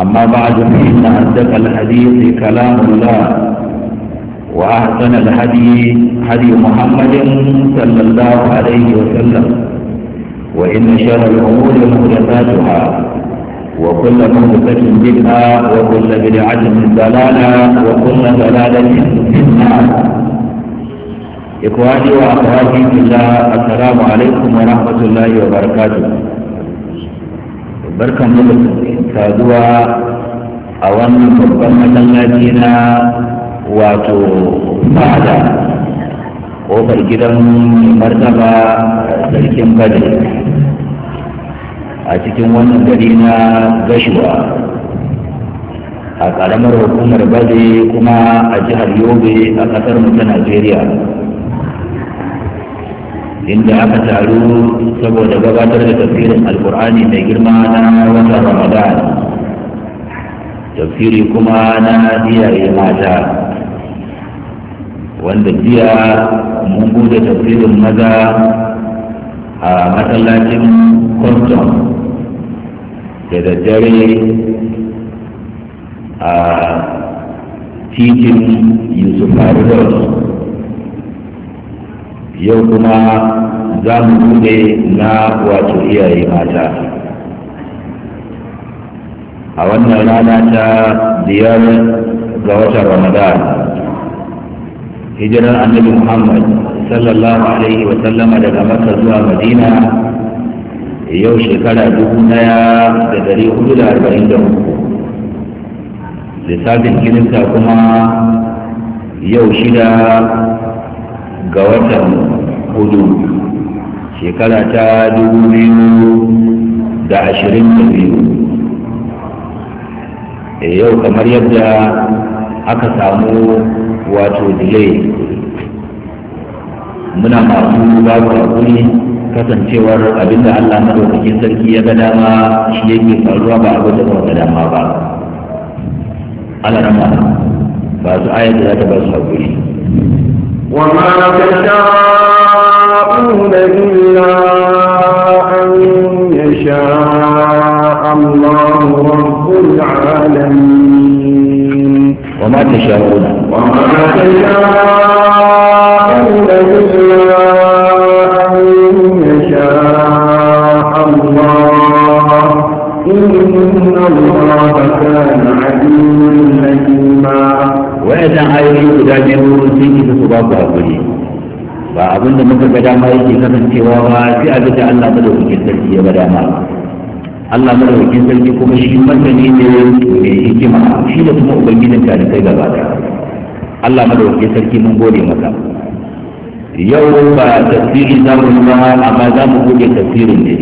أما بعد فإن أصدق الحديث كلام الله وأحسن الهدي هدي محمد صلى الله عليه وسلم وإن شر الأمور محدثاتها وكل محدثة بدعة وكل بدعة ضلالة وكل ضلالة في النار إخواني وأخواتي في الله السلام عليكم ورحمة الله وبركاته بركة مدرسة saduwa a wannan babban masallaci na wato fada kofar gidan martaba sarkin bade a cikin wannan gari na gashuwa a ƙaramar hukumar bade kuma a jihar yobe a ƙasar mu ta najeriya inda aka taru saboda gabatar da tafsirin alkur'ani mai girma na watan ramadan tafsiri kuma na iyaye mata wanda jiya mun bude tafsirin maza a masallacin kwamton da daddare a titin yusuf yau kuma za mu bude na wato iyaye mata a wannan rana ta biyar ga watan ramadan hijirar annabi muhammad sallallahu alaihi wa sallama daga maka zuwa madina yau shekara dubu daya da dari hudu da arba'in da uku lissafin kirista kuma yau shida ga watan hudu shekara ta dubu biyu da ashirin da biyu e, yau kamar yadda aka samu wato delay muna masu babu hakuri kasancewar abinda allah madaukakin sarki ya ga dama shi yake faruwa ba abin da ga dama ba ana rama ba su ayar da za ta ba su hakuri وما يشاءون إلا أن يشاء الله رب العالمين وما تشاءون وما تشاءون إلا أن يشاء الله إن الله كان عليما حكيما وإذا أيها الأولاد يقولون سيدي فسبحانه ba abin da muka ga dama yake kasancewa ba sai a gaji Allah madaukakin sarki ya ga dama Allah madaukakin sarki kuma shi masani ne ne hikima shi da kuma ubangijin ka da kai gaba da Allah madaukakin sarki mun gode maka yau ba tafsiri za mu ba amma za mu buɗe tafsirin ne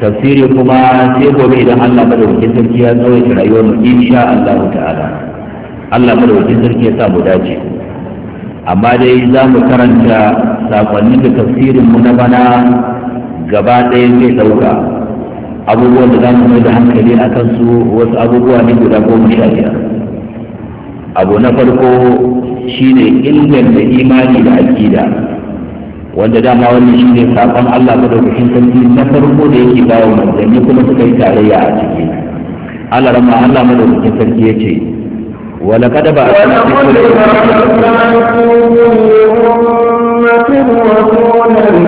tafsiri kuma sai gobe idan Allah madaukakin sarki ya tsawaita rayuwar mu insha Allah ta'ala Allah madaukakin sarki ya sa mu dace amma dai za mu karanta sakonni da tafsirinmu na bana gaba ɗaya zai ɗauka abubuwan da za mu mai da hankali a kansu wasu abubuwa ne guda goma sha biyar abu na farko shine inganta imani da aƙida wanda dama wannan shine sakon Allah kushin sarki na farko da yake bawa manzanni kuma suka yi tarayya a ciki Allah rama Allah kushin sarki ya ce ولقد بعثنا في كل أمة رسولا أن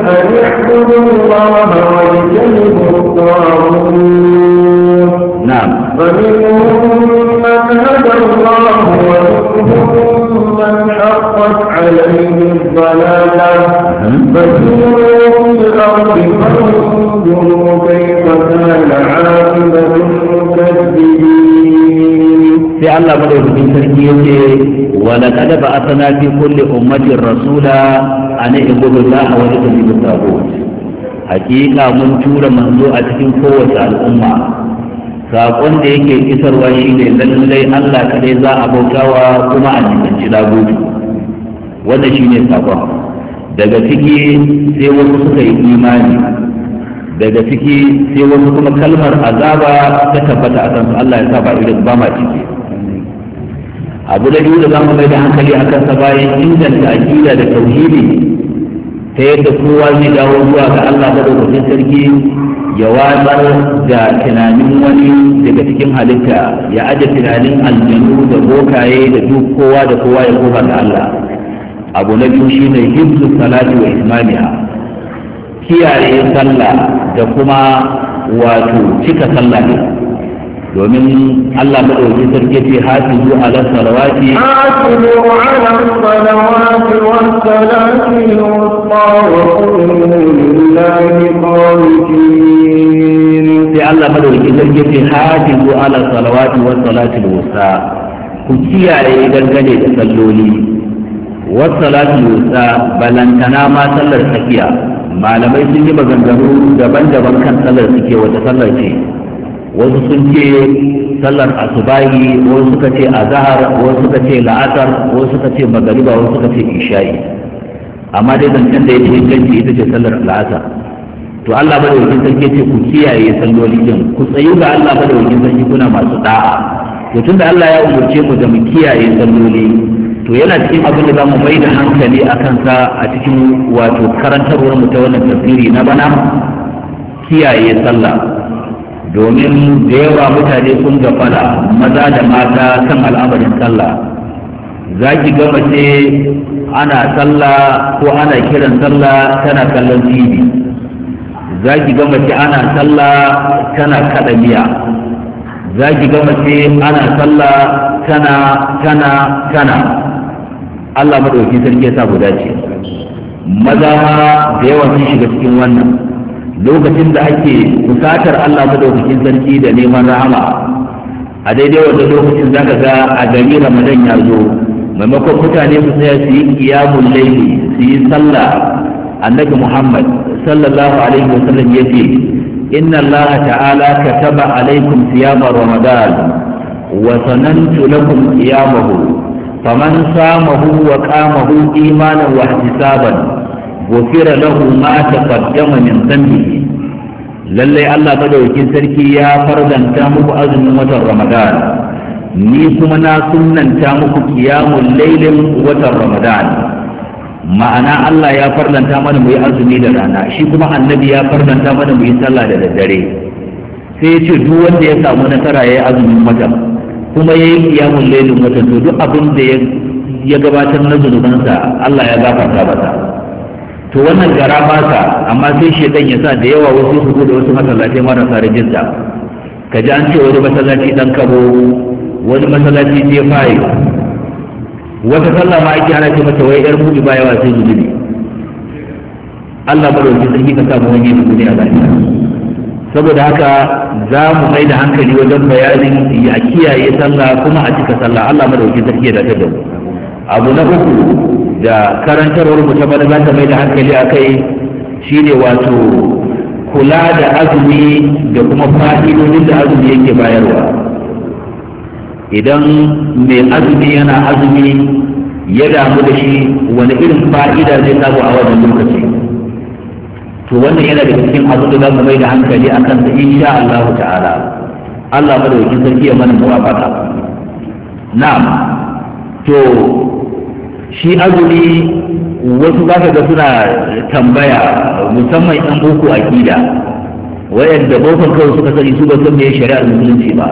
اعبدوا الله واجتنبوا الطاغوت نعم فمنهم من هدى الله ومنهم من حقت عليه الضلالة فسيروا في الأرض فانظروا كيف كان عاقبة المكذبين sai Allah madaukakin sarki yake wa laqad ba'athna fi kulli ummatin rasula an ibudu Allah wa yajtanibu tagut hakika mun tura manzo a cikin kowace al'umma saƙon da yake isarwa shine lallai Allah kadai za a bautawa kuma a nisanci lagoji wannan shine saƙon daga ciki sai wasu suka yi imani daga ciki sai wasu kuma kalmar azaba ta tabbata a kansu Allah ya sa ba irin ba ma ciki abu da biyu da za mu mai da hankali a kansa bayan inganta aƙida da tauhidi ta yadda kowa zai dawo zuwa ga Allah madaukakin sarki ya watsar da tunanin wani daga cikin halitta ya aje tunanin aljanu da bokaye da duk kowa da kowa ya koma ga Allah abu na biyu shine hibzu salati wa ismaniha kiyaye sallah da kuma wato cika sallah ne domin Allah da ɗauki sarki ce hafizu ala salawati hafizu ala salawati wa salati wa lillahi qanitin sai Allah ala salawati wa salati ku kiyaye dangane da salloli wa salati wusa balantana ma sallar tsakiya malamai sun yi maganganu daban-daban kan sallar suke wata sallar ce wasu sun ce sallar asubahi wasu suka ce azahar wasu suka ce la'asar wasu suka ce magariba wasu suka ce isha'i amma dai zancen da ya ce ganci ita ce sallar la'asar to Allah wajen sarki ce ku kiyaye salloli din ku tsayu ga Allah wajen sarki kuna masu da'a to tunda Allah ya umarce mu da mu kiyaye salloli to yana cikin abin da zamu mai da hankali a kansa a cikin wato karantarwar mu ta wannan tafsiri na bana kiyaye sallah domin da yawa mutane sun gafala maza da mata kan al'amarin sallah za ki gama ana sallah ko ana kiran sallah tana kallon tv za ki gama ana sallah tana kaɗa miya za ki gama mace ana sallah tana tana tana Allah madauki sarki ya sa guda dace maza ma da yawa sun shiga cikin wannan lokacin da ake kusatar Allah madaukakin sarki da neman rahama a daidai wannan lokacin zaka ga a gari Ramadan ya zo maimakon mutane su tsaya su yi qiyamul laifi, su yi sallah annabi Muhammad sallallahu alaihi wasallam ce, inna Allah ta'ala kataba alaikum siyama ramadan wa sanantu lakum qiyamahu faman samahu wa qamahu imanan wa ihtisaban ghufira lahu ma taqaddama min dhanbihi lallai Allah madaukakin sarki ya farzanta muku azumin watan Ramadan ni kuma na sunnanta muku kiyamun lailin watan Ramadan ma'ana Allah ya farlanta mana mu yi azumi da rana shi kuma annabi ya farlanta mana mu yi sallah da daddare sai ya ce duk wanda ya samu nasara ya yi azumin watan kuma ya yi kiyamun lailin watan to duk abin da ya gabatar na zunubansa Allah ya gafarta masa to wannan gara masa amma sai shedan ya sa da yawa wasu su da wasu masallatai marasa rijista ka ji an ce wani masallaci dan kabo wani masallaci je fayi wata sallah ma ake ana ce mata wai yar mubi ba yawa sai zunubi Allah wajen sarki ka samu wani duniya lafiya saboda haka za mu mai da hankali wajen bayanin ya kiyaye sallah kuma a cika sallah Allah madauki sarki da ta dawo abu na uku da karantarwar mu ta bada za ta mai da hankali a kai shine wato kula da azumi da kuma fa'idodin da azumi yake bayarwa idan mai azumi yana azumi ya damu da shi wani irin fa'ida zai samu a wannan lokaci to wannan yana da cikin abin da za mai da hankali a ta, insha Allah ta'ala Allah madaukakin sarki ya mana muwafaka na'am to shi azumi wasu za ka ga suna tambaya musamman ɗan boko aƙida wayanda bokon kawai suka sani su ba san me shari'ar musulunci ba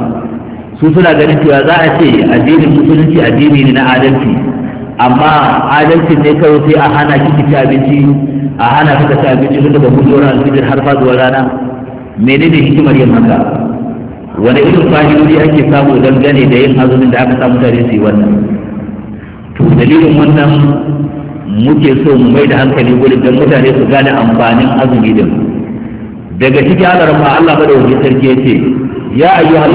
su suna ganin cewa za a ce addinin musulunci addini ne na adalci amma adalci ne kawai sai a hana ki ci abinci a hana ka ci abinci tun daga mutuwar alfijir har zuwa rana menene hikimar yin haka wani irin fahimci ake samu gane da yin azumin da aka samu tare su yi wannan to dalilin wannan muke so mu mai da hankali gurin don mutane su gane amfanin azumi din daga ciki alarma Allah madawaki sarki ya ce يا أيها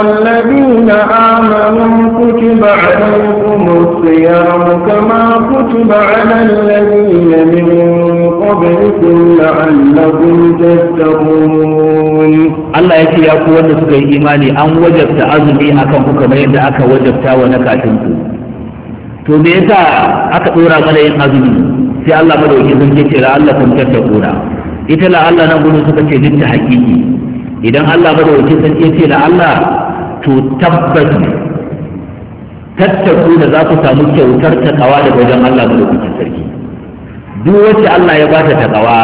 الذين آمنوا كتب عليكم الصيام كما كتب على الذين من قبلكم لعلكم تتقون Allah ya ce ya ku wanda suka yi imani an wajabta azumi akan ku kamar yadda aka wajabta wa na kafin ku to me yasa aka ɗora mana yin azumi sai Allah madauki sun ce la Allah kun ita Allah nan gudu suka ce duk ta haƙiƙi idan Allah ba da wakil sarki ya ce la'alla to tabbati tattaku da za ku samu kyautar ta takawa daga wajen Allah ba da wakil sarki duk wacce Allah ya ba ta takawa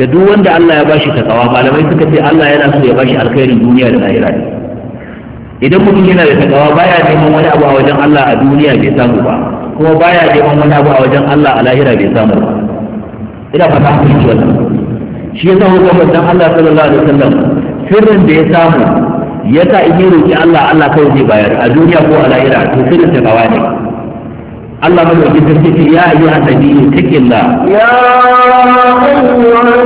da duk wanda Allah ya bashi takawa malamai suka ce Allah yana so ya bashi alkhairin duniya da lahira idan mutum yana da takawa baya neman wani abu a wajen Allah a duniya bai samu ba kuma baya neman wani abu a wajen Allah a lahira bai samu ba ina fata ku ji wannan shi ya samu ga manzon Allah sallallahu alaihi wasallam sirrin da ya samu ya sa in yi roƙi Allah Allah kai zai bayar a duniya ko a lahira to sirrin ta gawa ne Allah mai roƙi ta ce ya yi annabi tikilla ya ayyuhan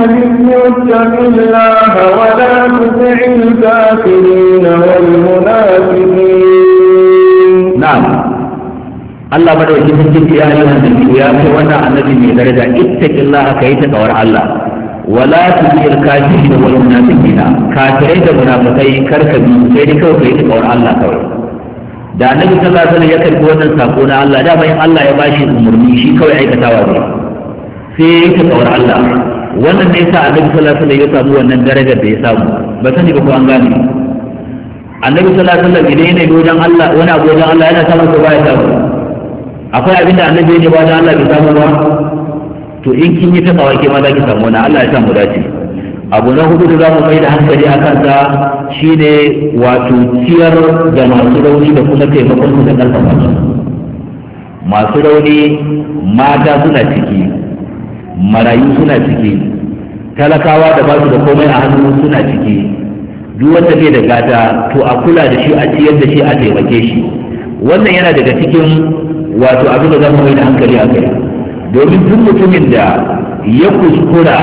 nabiyyu taqillaha wa la tuti'il wal munafiqin na'am Allah madaukakin sarki ya yi wannan ya ce wannan annabi mai daraja ittaqillah kai ta kawar Allah wala tuzil kafirin wal munafiqina kafirai da munafikai karka bi sai dai kawai kai tsawon Allah kawai da annabi sallallahu alaihi wasallam ya karbi wannan sako na Allah da bayan Allah ya bashi umurni shi kawai aikatawa ne sai ya yi tsawon Allah wannan ne yasa annabi sallallahu alaihi wasallam ya samu wannan darajar da ya samu ba sani ba ko an gane annabi sallallahu alaihi wasallam idan yana wajen Allah wani abu wajen Allah yana samun ko ba ya samu akwai abinda annabi ne ne wajen Allah bai samu ba to in kin yi ta tsawaki ma za ki samu wani Allah ya sa mu dace abu na hudu da za mu maida hankali a kansa shine wato ciyar da masu rauni da kuma taimakon su da ƙarfafa masu rauni mata suna ciki marayu suna ciki talakawa da ba su da komai a hannu suna ciki duk wanda bai da gata to a kula da shi a ciyar da shi a taimake shi wannan yana daga cikin wato abin da za mu mai da hankali a kai domin duk mutumin da ya kuskura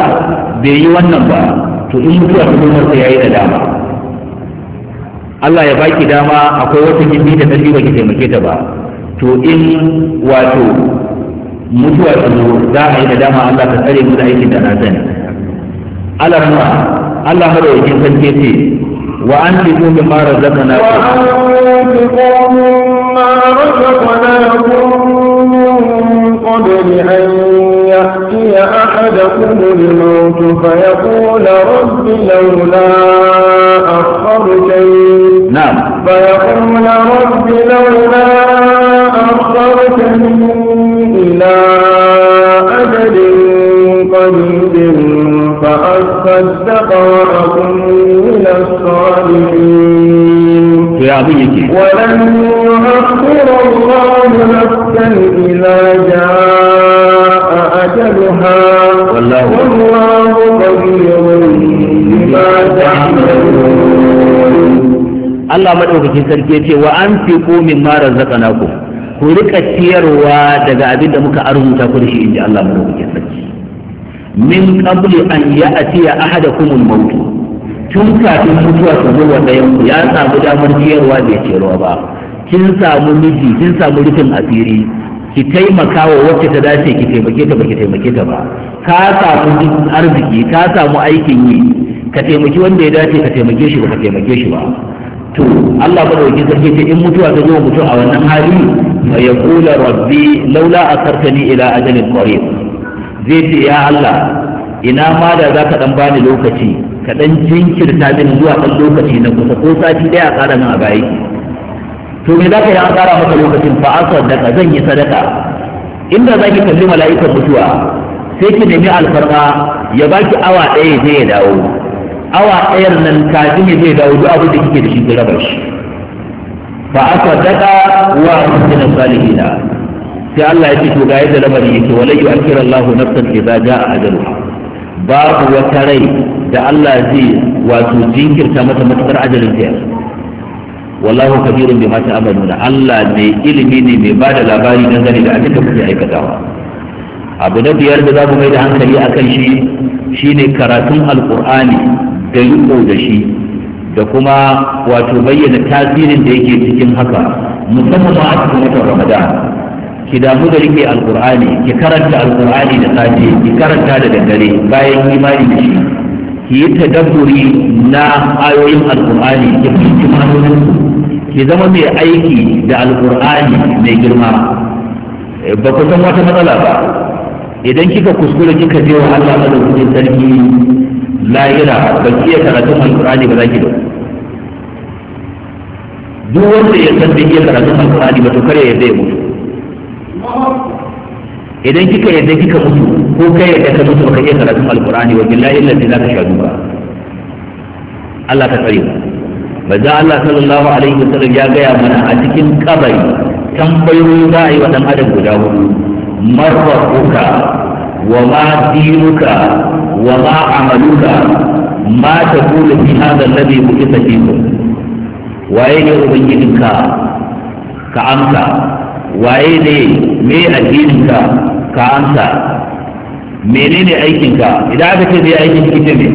bai yi wannan ba to in mutuwa ta ya yi da dama Allah ya baki dama akwai wata gindi da tafi baki taimake ta ba to in wato mutuwa ta zo za a yi da dama Allah ka tsare mu da aikin da na sani Allah ma Allah madaukakin sanke ce wa an fi ko min mara zakana ku wa an fi ko min mara zaka ku قبل أن يأتي أحدكم الموت فيقول رب لولا أخرتني نعم فيقول رب لولا أخرتني إلى أجل قريب فأصدق وأكن من الصالحين ولن يؤخر الله نفسا إلى يعملها والله بما تعملون Allah madaukakin sarki ya ce wa an fi ko min mara zakana ku ku rika ciyarwa daga abin da muka arzuta ku da shi inji Allah madaukakin sarki min qabli an ya'tiya ahadakum al-maut tun kafin mutuwa ta zo wa ku ya samu damar ciyarwa bai ciyarwa ba kin samu miji kin samu rufin asiri ki taimaka wa wacce ta dace ki taimake ta baki taimake ta ba ka samu arziki ka samu aikin yi ka taimaki wanda ya dace ka taimake shi ba ka taimake shi ba to Allah dauki sarki ta in mutuwa ta zo mutum a wannan hali fa yaqulu rabbi laula akartani ila ajalin qarib zai ce ya Allah ina ma da zaka dan bani lokaci ka dan jinkirta min zuwa dan lokaci na kusa ko sati daya a ƙara nan a bayi to me za ka yi an ƙara maka lokacin fa an sadaka zan yi sadaka inda za ki kalli mala'ikan mutuwa sai ki nemi alfarma ya baki awa ɗaya zai ya dawo awa ɗayar nan kafin ya zai dawo duk abin da kike da shi ki raba shi fa an sadaka wa asina salihina sai Allah ya ce to ga yadda lamarin yake wala yu'akhiru Allahu nafsan idza jaa ajaluha babu wata rai da Allah zai wato jinkirta mata matukar ajalin ta wallahu kabirun bima ta'maluna Allah ne ilimi ne mai da labari dangane da abin da kuke aikatawa abu na biyar da za mu mai da hankali akan shi shine karatun alqur'ani da riko da shi da kuma wato bayyana tasirin da yake cikin haka musamman ma a cikin watan ramadan ki damu da rike alqur'ani ki karanta alqur'ani da safe ki karanta da daddare bayan imani da shi ki yi tadabburi na ayoyin alqur'ani ki fahimci ma'anonin ki zama mai aiki da alkur'ani mai girma ba ku san wata matsala ba idan kika kuskure kika je wa Allah madaukakin sarki lahira ba ki iya karatun alkur'ani ba za ki ba duk wanda ya san bai iya karatun alkur'ani ba to kare ya zai mutu idan kika yadda kika mutu ko kai yadda ka mutu ka iya karatun alkur'ani wa billahi allazi zaka sha ba Allah ta tsare mu manzo Allah sallallahu alaihi wasallam ya gaya mana a cikin kabari tambayoyi za a yi wa dan adam guda hudu marrabuka wa ma dinuka wa ma amaluka ma taqulu fi hadha alladhi bu'itha fikum waye ne ubangijinka ka amsa waye ne me addininka ka amsa menene aikinka idan aka ce me aikin kike ne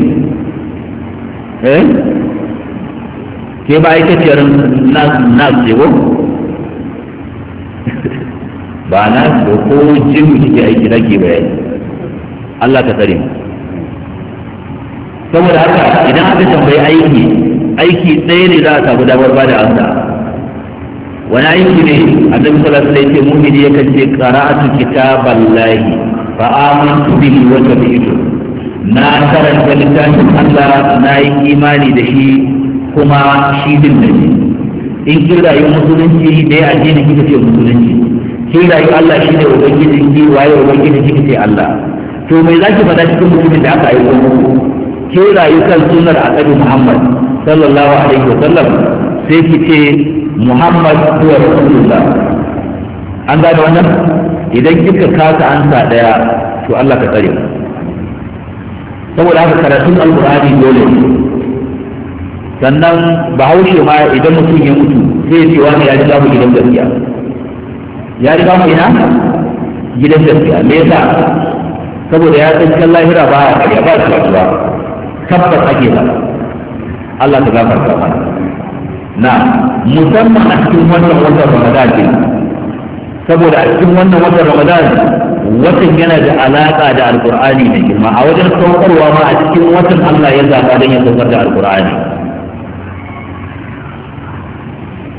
eh ke ba aikaciyar nas ce ko ba na ko ko jin kike aiki nake bayani Allah ka tsare saboda haka idan aka tambayi aiki aiki ɗaya ne za a samu damar ba da amsa wani aiki ne a annabi sallallahu alaihi wasallam mu'mini yakan ce qara'atu kitaballahi fa amantu bihi wa tabi'tu na karanta littafin Allah na yi imani da shi kuma shi din ne in kin rayu musulunci da ya ne kika ce musulunci kin rayu Allah shi ne ubangiji ki waye ubangiji kika ce Allah to me zaki faɗa cikin mutumin da aka aiko muku kin rayu kan sunnar annabi Muhammad sallallahu alaihi wa sallam sai ki ce Muhammad huwa rasulullah an gane wannan idan kika kasa ansa daya to Allah ka tsare saboda haka karatun alqur'ani dole ne sannan bahaushe ma idan mutum ya mutu sai ce wani ya ji mu gidan gaskiya ya riga mu ina gidan gaskiya me yasa saboda ya kan lahira ba ya kariya ba shi ba tabbas ake ba Allah ta gafarta mana na musamman a cikin wannan watan Ramadan din saboda a cikin wannan watan Ramadan watan yana da alaka da Alƙur'ani mai girma a wajen saukarwa ma a cikin watan Allah ya zaba don ya saukar da Alƙur'ani.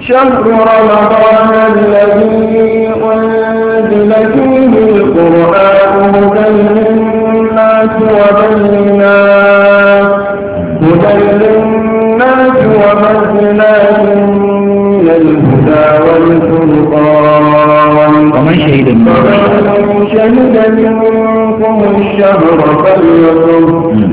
شهر رمضان الذي أنزل فيه القرآن هدى للناس وبينات هدى للناس وبينات من الهدى والفرقان ومن شهد منكم الشهر فليصم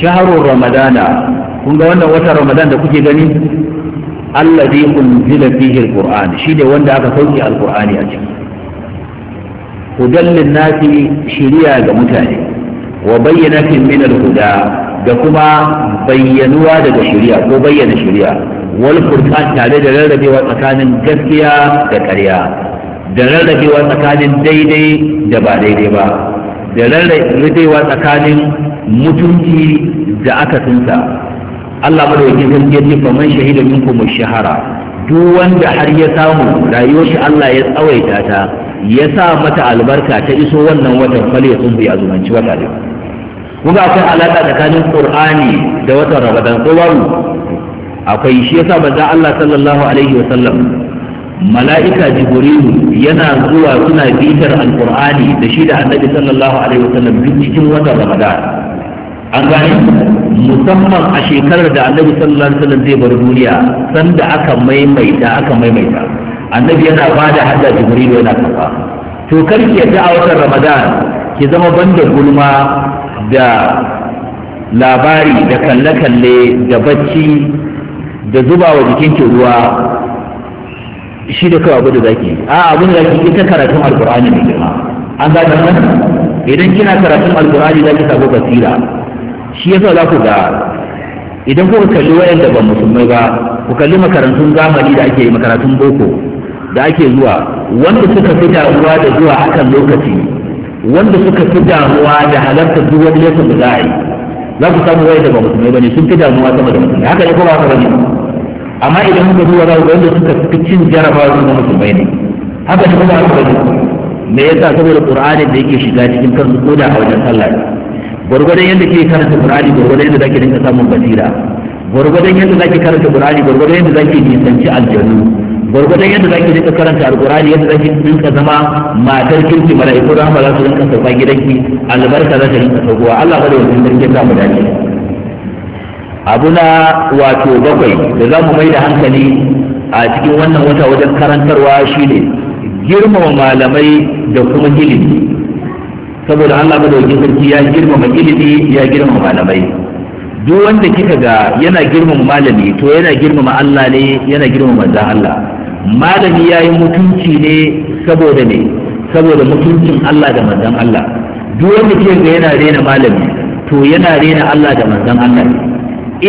shaharun ramadana kun ga wannan watan ramadan da kuke gani allazi unzila fihi alquran shine wanda aka sauke alqurani a ciki hudallin nasi shiriya ga mutane wa bayyanatin min alhuda da kuma bayyanuwa daga shiriya ko bayyana shiriya wal furqan tare da rarrabewa tsakanin gaskiya da ƙarya da rarrabewa tsakanin daidai da ba daidai ba da rarrabewa tsakanin mutunci da aka tunta Allah madaukakin sarki ya ce faman shahida minkum shahara duk wanda har ya samu rayuwar shi Allah ya tsawaita ta ya sa mata albarka ta iso wannan watan fal ya tsumbu ya zumanci wata ne kun ga akwai alaka tsakanin Qur'ani da watan Ramadan ko babu akwai shi yasa manzon Allah sallallahu alaihi wa sallam mala'ika Jibril yana zuwa suna bitar Al-Qur'ani da shi da Annabi sallallahu alaihi wa sallam duk cikin watan Ramadan an gane musamman a shekarar da annabi sallallahu alaihi wasallam zai bar duniya sanda aka maimaita aka maimaita annabi yana ba da hadda jibril yana kafa to karki yadda a watan ramadan ki zama banda gulma da labari da kalle-kalle da bacci da zuba wa ki ruwa shi da kawai abu da zaki a abin da zaki ita karatun alqur'ani mai girma an gane idan kina karatun alqur'ani zaki sabo basira shi sa za ku ga idan kuka kalli da ba musulmai ba ku kalli makarantun zamani da ake yi makarantun boko da ake zuwa wanda suka fi damuwa da zuwa akan lokaci wanda suka fi damuwa da halarta duk wani lesson da za a yi za ku samu da ba musulmai ba ne sun fi damuwa sama da musulmai haka ne ko ba haka ba ne amma idan kuka zuwa za ku ga wanda suka fi cin jarabawa sun na musulmai ne haka ne ko ba haka ba ne me yasa saboda qur'ani da yake shiga cikin kansu ko da a wajen sallah gwargwadon yadda ke karanta burani gwargwadon yadda zaki dinka samun basira gwargwadon yadda zaki karanta burani gwargwadon yadda zaki nisanci aljanu gwargwadon yadda zaki dinka karanta alqur'ani yadda zaki dinka zama matar kirki mala'iku ba za su dinka sauka gidanki albarka za ta dinka saukowa Allah ba da wannan dinka samu dace abu na wato bakwai da za mu maida hankali a cikin wannan wata wajen karantarwa shine girmama malamai da kuma ilimi saboda Allah madaukakin sarki ya girmama ilimi ya girmama malamai duk wanda kika ga yana girmama malami to yana girmama Allah ne yana girmama manzon Allah malami yayi mutunci ne saboda ne saboda mutuncin Allah da manzon Allah duk wanda kike ga yana rena malami to yana rena Allah da manzon Allah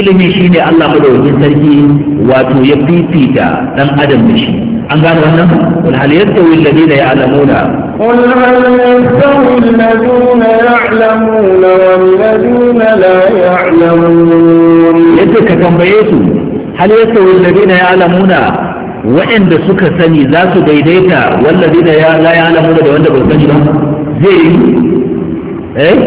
ilimi shine Allah madaukakin sarki wato ya fifita dan adam da shi an gano wannan wal hal yastawi alladhina ya'lamuna قل هل يستوي الذين يعلمون والذين لا يعلمون يدك تنبيته هل يستوي الذين يعلمون waɗanda suka sani za su daidaita wallazi da ya ya alamu da wanda bai sani ba zai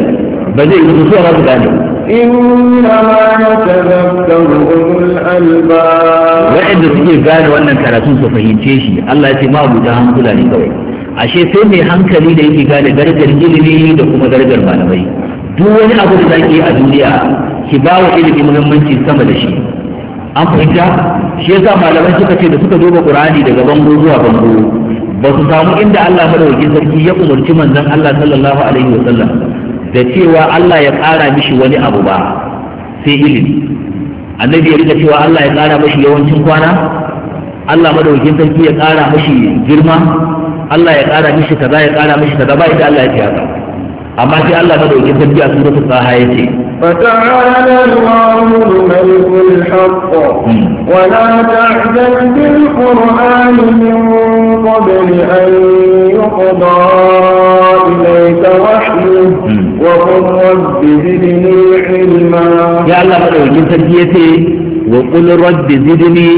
ba zai yi su ba su gane innama yatadhakkaru ulul albab waɗanda suke gane wannan karatu su fahimce shi Allah ya ce ma kawai ashe sai mai hankali da yake gane darajar ilimi da kuma darajar malamai duk wani abu da zaki a duniya ki ba wa ilimi muhimmanci sama da shi an fahimta shi yasa malamai suka ce da suka duba qur'ani daga bango zuwa bango ba su samu inda Allah madaukakin sarki ya umarci manzon Allah sallallahu alaihi wa sallam da cewa Allah ya ƙara mishi wani abu ba sai ilimi annabi ya rika cewa Allah ya ƙara mishi yawancin kwana Allah madaukakin sarki ya ƙara mishi girma Allah ya ƙara mishi kaza ya ƙara mishi kaza ba da Allah ya ce amma sai Allah madaukin sarki taha فتعالى الله الملك الحق hmm. ولا تعجل بالقرآن من قبل أن يقضى إليك وحيه hmm. وقل رب زدني علما يا الله مدعوكين تربيتي وقل رب زدني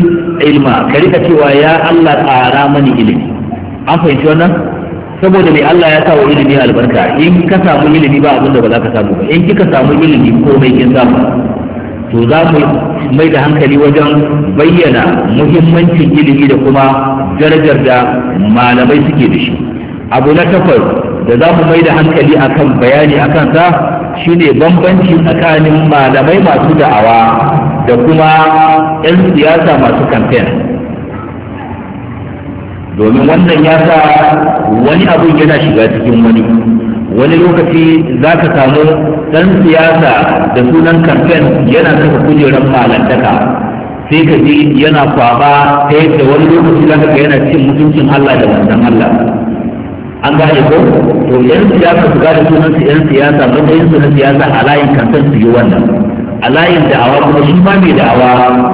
علما كريكة ويا الله أعرامني إليك an fahimci wannan saboda mai Allah ya sawo ilimi albarka in ka samu ilimi ba abin da ba za ka samu ba in kika samu ilimi ko mai kin samu to za mu mai da hankali wajen bayyana muhimmancin ilimi da kuma darajar da malamai suke da shi abu na takwas da za mu mai da hankali akan bayani akan sa shine bambanci tsakanin malamai masu da'awa da kuma 'yan siyasa masu kamfen domin wannan ya sa wani abun yana shiga cikin wani wani lokaci za ka samu ɗan siyasa da sunan kamfen yana kafa kujerar malantaka sai ka ji yana kwaba ta yadda wani lokaci za ka yana cin mutuncin Allah da wannan Allah an gane ko to yan siyasa su gane sunan su yan siyasa matsayin su na siyasa a layin kamfen su yi wannan a layin da'awa kuma shi ma mai da'awa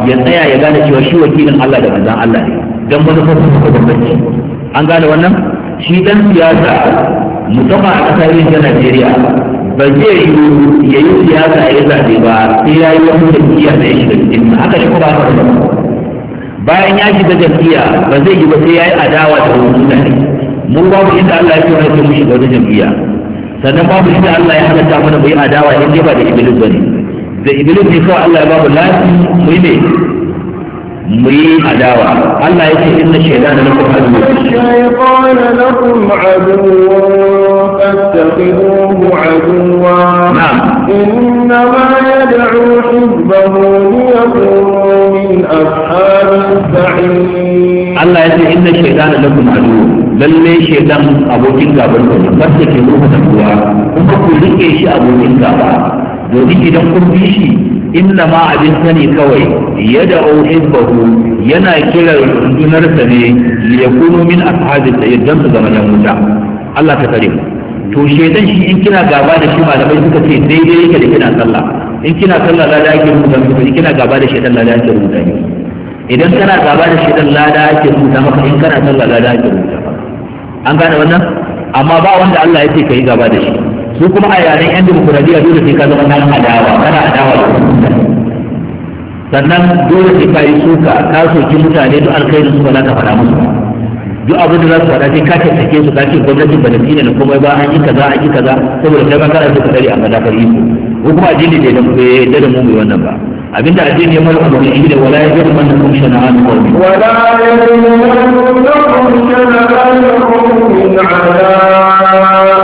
ya tsaya ya gane cewa shi wakilin Allah da wannan Allah ne dan manufar su suka bambanci an gane wannan shi dan siyasa musamman a ƙasar yin ta Najeriya ba zai yi ya yi siyasa a yi zaɓe ba sai ya yi wani jam'iyya da ya shiga cikin haka shi kuma ba ba bayan ya shiga jam'iyya ba zai yi ba sai ya yi adawa da wani mutane mun babu inda Allah ya ce wani sai mu shiga wani jam'iyya sannan babu inda Allah ya halatta mana mu yi adawa in ba da iblis ne. da iblis ne kawai Allah ya babu lafi mu yi ne mu yi adawa Allah ya ce inna shaytan lakum adu shaytan lakum adu fattakhidhuhu aduwa na'am inna ma yad'u hizbahu liyakunu min ashabis sa'ir Allah ya ce inna shaytan lakum adu lalle shaytan abokin gaban ku fattakhidhuhu aduwa kuma ku rike shi abokin kun bi shi inna ma abin sani kawai ya da Bahu yana kira rundunarsa ne ya kuno min ashabin da ya su zama yan wuta Allah ta kare to shedan shi in kina gaba da shi malamai suka ce daidai yake da kina sallah in kina sallah lada ake rubuta miki in kina gaba da shedan lada ake rubuta miki idan kana gaba da shedan lada ake rubuta maka in kana sallah lada ake rubuta an gane wannan amma ba wanda Allah ya ce ka yi gaba da shi su kuma a yaren yan dimokuraɗiyya dole sai ka zama nan adawa kana adawa da sannan dole sai ka yi suka ka soki mutane duk alkhairin su ba za ka faɗa musu duk abin da za su faɗa sai ka tattake su ka ce gwamnatin Palestina da komai ba an yi kaza an yi kaza saboda kai ma kana so ka a amma yi su ko kuma addini bai da da mu bai wannan ba abin da ne ya mara umarni shi da wala ya zama wannan kuma shana'an kwarbi wala ya zama kuma shana'an kwarbi ala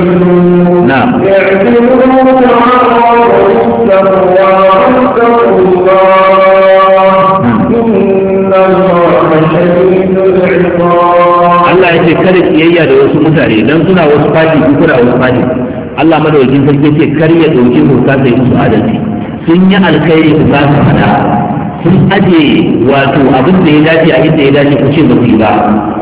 allah ya ce تعالوا التقوى da wasu mutane don suna wasu kuna wasu Allah madaukakin sarki ce kar ya ɗauki hukunta sai musu adalci sun yi alkhairi su hada sun aje wato abin da ya dace a inda ya dace kuce ba ba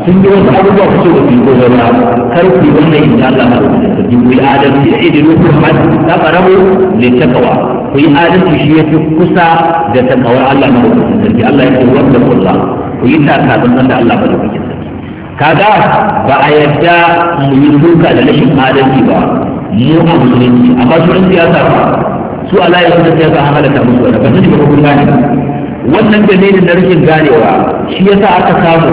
sun yi wasu abubuwa kuce ba su yi ko zama kar ku yi wannan inda Allah ma ku yi ku yi adalci da idan ku ma ta faramu ne kawa ku yi adalci shi ya fi kusa da ta kawar Allah na ku sarki Allah ya ce wanda kullu ku yi zan da Allah ba da kuke kaga ba a yadda mu yi duka da rashin adalci ba mu a musulunci amma su siyasa ba su a layin da siyasa an halatta musu wani ba su ne ba ku gane wannan dalilin na rikin ganewa shi ya sa aka samu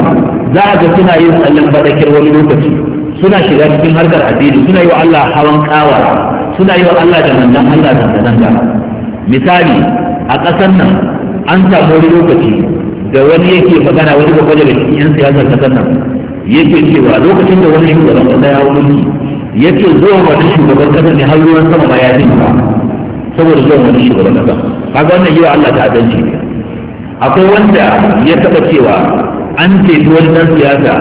za a ga suna yin tsallan badakir wani lokaci suna shiga cikin harkar addini suna yi wa Allah hawan kawa suna yi wa Allah da nan Allah da nan misali a ƙasar nan an samu wani lokaci da wani yake magana wani kwaje daga cikin yan siyasar ƙasar nan yake cewa lokacin da wani shugaban ƙasa ya mulki yake zuwa wani shugaban ƙasa ne har ruwan sama ma ya ba saboda zuwa wani shugaban ƙasa kaga wannan yi wa Allah ta'addanci ne akwai wanda ya taɓa cewa an ceto wani ɗan siyasa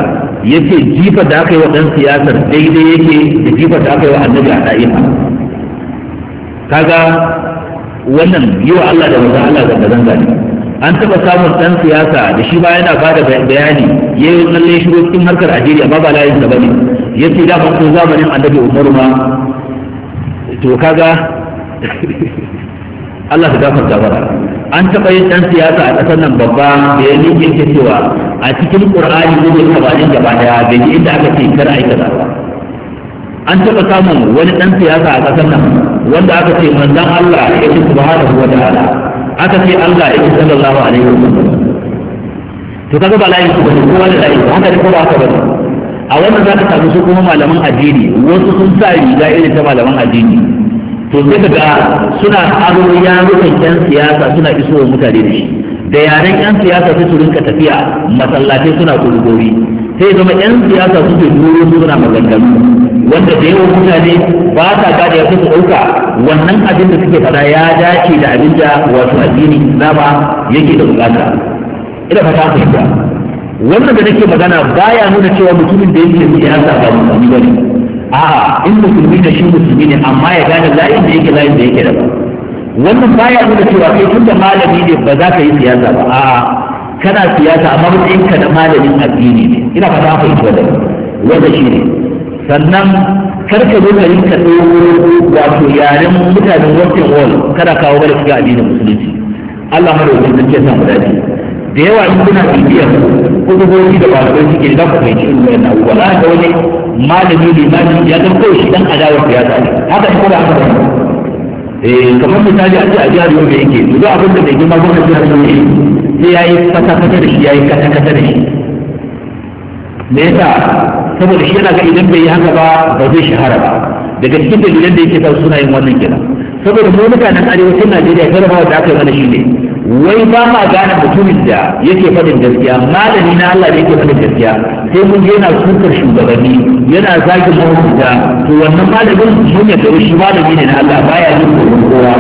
ya ce jifa da aka yi wa ɗan siyasar daidai yake da jifa da aka yi wa annabi a ɗa'ifa kaga wannan yi wa Allah da wata Allah da zanga ne an taɓa samun ɗan siyasa da shi ba yana ba da bayani ya yi tsalle shigo cikin harkar ajiyar ba ba layin da bane ya ce da ko zamanin annabi umaru ma to kaga Allah ta gafarta bara an taɓa yin ɗan siyasa a ƙasar nan babba da ya nufin ta cewa a cikin ƙur'ani ne mai ɗin gaba daya bai ji inda aka ce kar a yi kaza ba an taɓa samun wani ɗan siyasa a ƙasar nan wanda aka ce manzan Allah ya ce subhanahu wa ta'ala aka ce Allah ya ce sallallahu alaihi wa sallam to kaga ba layin kuma bane ko wani layin haka ne ko ba haka a wannan za ka samu su kuma malaman addini wasu sun sa riga irin ta malaman addini to sai ka ga suna ya rufe yan siyasa suna iso wa mutane da shi da yaren yan siyasa sai su rinka tafiya masallatai suna kurgori sai zama yan siyasa ke duro suna maganganu wanda da yawan mutane ba sa gada ya su ɗauka wannan abin da suke faɗa ya dace da abin da wato addini islama yake da bukata ina fata fahimta wannan da nake magana baya nuna cewa mutumin da yake siyasa ba musulmi bane a'a in musulmi da shi musulmi ne amma ya gane layin da yake layin da yake da ba wannan baya nuna cewa kai tunda malami ne ba za ka yi siyasa ba a'a kana siyasa amma ka da malamin addini ne ina fata an fahimci wannan wanda shi ne sannan karka zo ka rinka wato yaren mutanen wancan wall kada kawo mana shiga addinin musulunci Allah madaukakin sarki ya samu dace da yawa in kuna bibiyar kudubobi da malamai suke da ku fahimci irin wannan Wala za wani malami limami ya zama kawai shi dan adawar ya ne haka shi kuma haka eh kamar misali a ce a jihar yau da yake to duk abin da bai girma gwamnati jihar yau ne sai ya yi fata-fata da shi ya yi kata-kata da shi me yasa saboda shi yana ga idan bai yi haka ba ba zai shahara ba daga cikin dalilan da yake sa suna yin wannan kenan saboda mu mutanen arewacin Najeriya jarabawa da aka yi mana shi ne wai ba ma gane mutumin da yake faɗin gaskiya malami na Allah da yake faɗin gaskiya sai mun yana sukar shugabanni yana zagi mahukunta to wannan malamin mun yadda shi malami ne na Allah baya yin tsoron kowa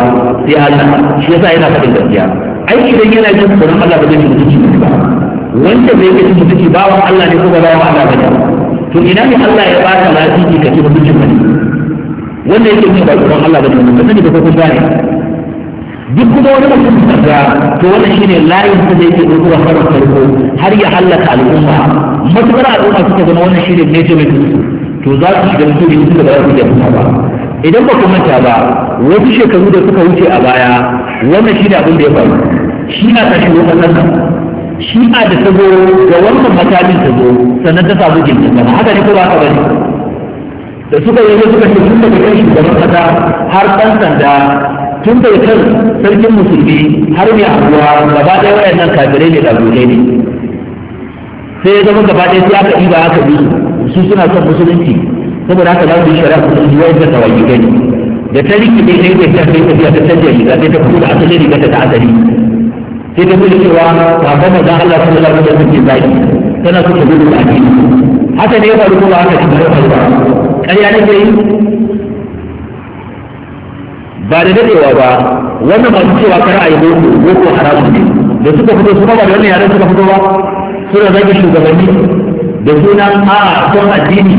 sai Allah shi yasa yana faɗin gaskiya ai idan yana jin tsoron Allah ba zai ji mutunci ba wanda bai ga jin ba bawan Allah ne ko ba bawan Allah ba to ina ne Allah ya baka lafiya ka ci mutuncin ba wanda yake jin ba tsoron Allah ba ne ba sani ba ko kun gane duk kuma wani mutum da to wannan shine layin da yake zuwa karon farko har ya halaka al'umma matukar al'umma suka zama wannan shine measurement to za su shiga mutum da suka ba su iya fita ba idan ba ku manta ba wasu shekaru da suka wuce a baya wannan shine abin da ya faru shi na tashi wannan nan shi na da ta zo ga wannan matakin ta zo sannan ta samu jinkin haka ne ko ba haka ba ne da suka yi suka ce sun daga kan shugaban kasa har ɗan sanda tun bai kan sarkin musulmi har mai abuwa gaba ɗaya wayan nan kafirai ne ɗalibai ne sai ya zama gaba ɗaya sai aka ɗiba aka bi su suna son musulunci saboda haka za su yi shari'a musulunci wayan da tawayi gani da ta riƙe ne ne bai kan sai tafiya ta canja riga sai ta fito da asalin riga ta asali sai ta fito cewa ta kafin maza Allah su zama da suke zaki tana son ta gudu da addini haka ne ya faru kuma haka shi ba ya faru ba ƙarya ke yi ba da dadewa ba wannan su cewa kar a yi boko boko haramun ne da suka fito su ba da wannan yaran suka fito ba suna zage shugabanni da suna a son addini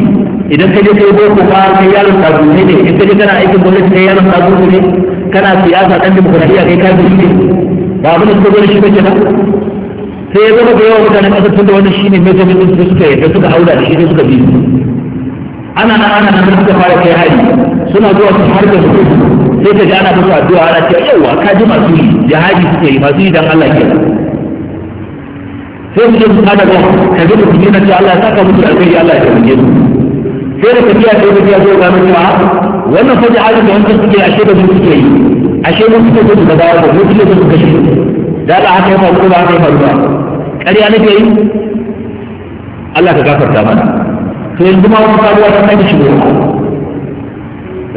idan ka je kai boko ba kai yaron sabu ne in ka je kana aikin gwamnati kai yaron sabu ne kana siyasa dan demokradiya kai kafiri ne ba abin da suka gwada shi kake ba sai ya zama da yawa mutanen ƙasar tun da wannan shine mai zama da suka yadda suka haura da shi suka bi ana nan ana nan suka fara kai hari suna zuwa su harkar su sai ka ji ana musu addu'a ana ce yauwa ka ji masu yi jihadi suke yi masu yi dan Allah ke sai mu je mu kada ba ka ji mutum yana ce Allah ya saka musu alkhairi Allah ya taimake su sai da tafiya sai da tafiya zai gano cewa wannan fa jihadi da wancan suke ashe da mu suke yi ashe mu suke gudu da dawo da mu suke gudu da da Allah haka ya faru ko ba haka ya faru ba ƙarya nake yi Allah ka gafarta mana to yanzu ma wata sabuwa ta shi ne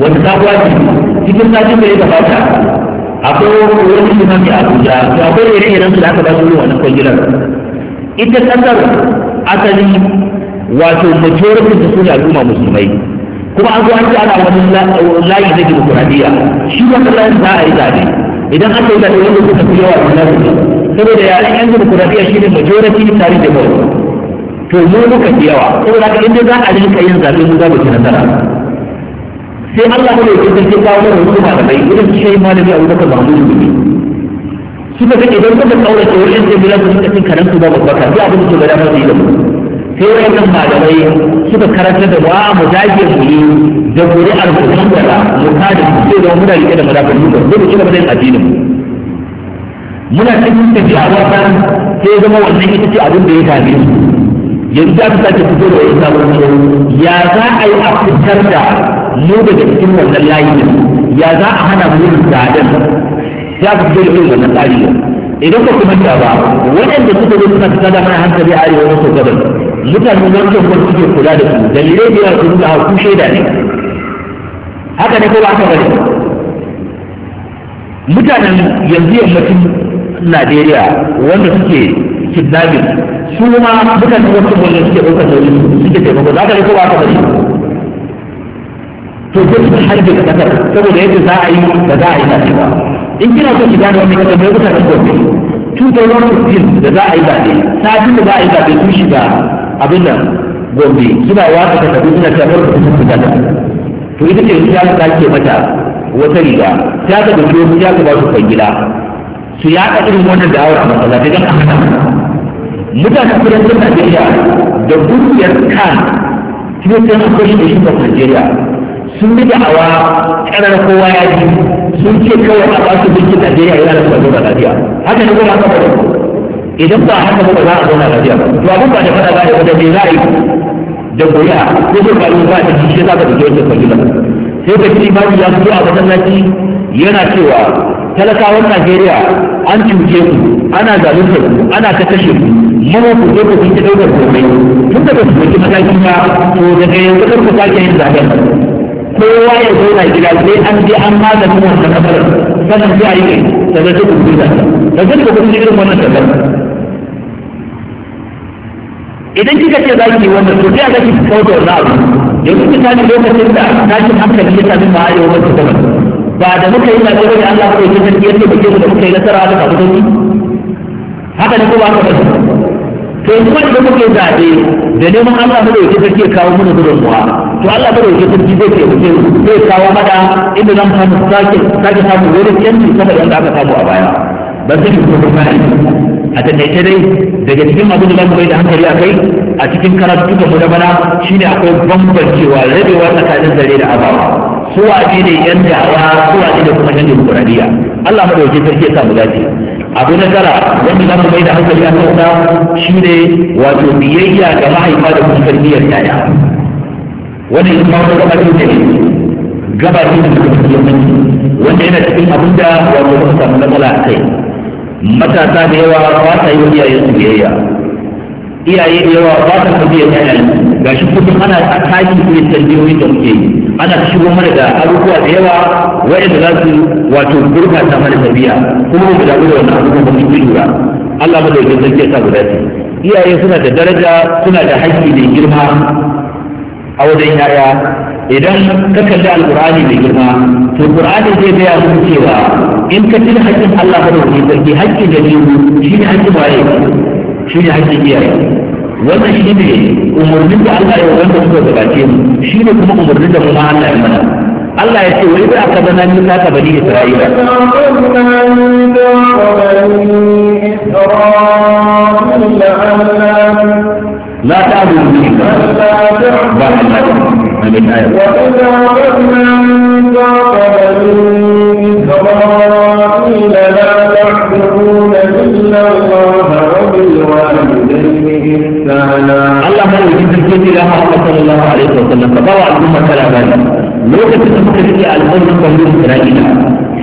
wata sabuwa ce cikin satin da ya gabata akwai wani limami a abuja to akwai ire-iren su da aka ba su wannan kwangilar ita kasar asali wato majority da su ne al'umma musulmai kuma an zo an ce ana wani layi na dimokuraɗiyya shi wannan layin za a yi zaɓe idan aka yi zaɓe wanda suka fi yawa a nan saboda yaren yan dimokuraɗiyya shi ne majority tare da bau to mu muka fi yawa saboda haka inda za a rinka yin zaɓe mu za mu ci nasara sai Allah ne ya kasance kawo mana wasu malamai irin shi malami Abu Bakar Mahmud ne suka ga idan suka kaura ke wajen jami'a su suka cin karansu ba babbaka sai abin da ke gada masu yi da mu sai wayannan malamai suka karanta da wa mu dage mu yi da guri alƙur'an da mu kada mu sai da muna rike da madafin mu da mu cigaba da addinin mu muna cikin tafiya a wata sai zama wannan ita ce abin da ya dame su yanzu za su sake fito da wani sabon ya za a yi a fitar da mu daga cikin wannan layi ne ya za a hana mu yin gadan ya ku da irin wannan tsari idan ku kuma ta ba waɗanda suka zo suna fita da mana hankali a arewa maso gabas mutane wancan ku suke kula da su dalilai da yawa su nuna ku shaida ne haka ne ko ba haka bane mutanen yanzu yammacin najeriya wanda suke kidnapping su ma mutanen wancan wanda suke ɗaukar nauyi suke taimako za ka ne ko ba ka bari? to sai kika harbe da ƙasar saboda yadda za a yi da za a yi zaɓe ba in kina so ki gane wannan kasar mai kuka ta gobe 2015 da za a yi zaɓe satin da za a yi zaɓe sun shiga abin nan gobe kina watsa takardu suna cewa farko ta tafi gata to ita ce ta ta ke mata wata riga ta ka da ciwo ta ka ba su fangila su yaɗa irin wannan da'awar a masallatai don a hana mutanen kudancin Najeriya da gungiyar kan cikin akwai da shi Najeriya sun bi da'awa kanar kowa ya ji sun ce kawai a ba su bincin Najeriya yana da zauna lafiya haka ne kuma haka ba idan ba haka ba za a zauna lafiya ba to abin ba da fada ba da me za a yi da goya ko ko kalin ba ta shi za ka da kwanci ba. sai ka ci ba ya fito a masallaci yana cewa talakawan Najeriya an cuce ku ana zalunta ku ana ta kashe ku yawa ku je ku kun ki daukar komai tun da ba su mataki ba to daga yanzu kar ku sake yin zaben kowa ya zauna gida sai an je an maganin wannan matsalar sannan sai a yi da zai ku guda da zai ku guda irin wannan tabar idan kika ce za ki yi wannan to sai a ga ki kauta wannan abu yanzu misali lokacin da tashin hankali ya sami ba a yi wannan ba da muka yi zaɓe wani Allah ko yake sarki yake bakin da muka yi nasara da kafu sauki haka ne ko ba haka ba to yanzu wani da muka yi zaɓe da neman Allah ko yake sarki ya kawo mana gudunmuwa to Allah bai yake sarki zai ke mutum zai kawo mada inda zan samu sake sake samu wurin yanci sama da aka samu a baya ba zai yi kuma ba a ta dai daga cikin abin da zan bai da hankali a kai a cikin karatu da mu da bana shine akwai bambancewa rabewa tsakanin zare da abawa suwa ne ne yan Su suwa ne da kuma yan demokuraɗiyya Allah yake sarki ya samu dace abu na tara wanda za mu mai da hankali a kansa shi ne wato biyayya ga mahaifa da kuma tarbiyyar yaya wani in ma wani gabatin da ne gabatin da suka fi yammanci wanda yana cikin abin da wato suka samu matsala a kai matasa da yawa ba ta yi wa iyayen su biyayya iyaye da yawa ba ta tafiya yayan ga shi kullum ana taki irin tarbiyoyin da muke yi ana shigo mana da abubuwa da yawa waɗanda za su wato gurɓata mana tafiya kuma mu da wannan abubuwan ba mu yi lura Allah madaukakin sarki ya sa guda iyaye suna da daraja suna da haƙƙi mai girma a wajen yaya idan ka kalli alkur'ani mai girma to qur'ani zai gaya muku cewa in ka cin haƙƙin Allah ka dauke sarki haƙƙin da jiru shi ne haƙƙin waye shi ne haƙƙin iyaye wannan shi ne umarnin da Allah ya wanda suka gabace mu shi ne kuma umarnin da kuma Allah ya mana Allah ya ce wai da aka zana min naka bani Isra'ila Isra'ila لا تعبد به وإذا أخذنا ميثاق تعبدون إلا الله وبالوالدين إحسانا الله ما لها صلى الله عليه وسلم فطوى الأمة كلاما لو كنت في الأمة بني إسرائيل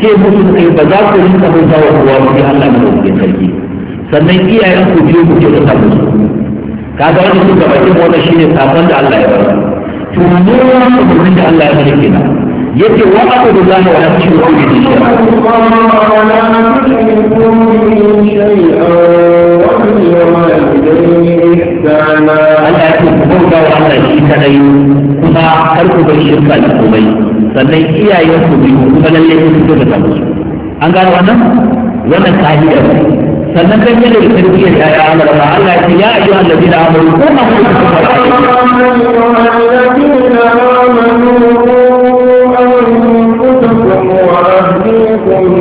sai mutu sai ba za ku rinka bauta wa kowa ba sai Allah ne ya sarki sannan Ka kaga wani su gaba ɗin wannan shi ne sakon da Allah ya bar to mu ne da Allah ya bar kenan yace wa abudu lahi wa nafsihi wa bihi Allah ya ce ku bauta wa Allah shi kadai kuma kar ku bar shirka da komai sannan iyayen ku biyu kuma lalle ku fito da kansu an gano wannan wannan ka'ida ne sannan kan yana da tarbiyyar yaya Allah ba Allah ya ya ayyuha alladhina amanu qum anfusakum wa ahlikum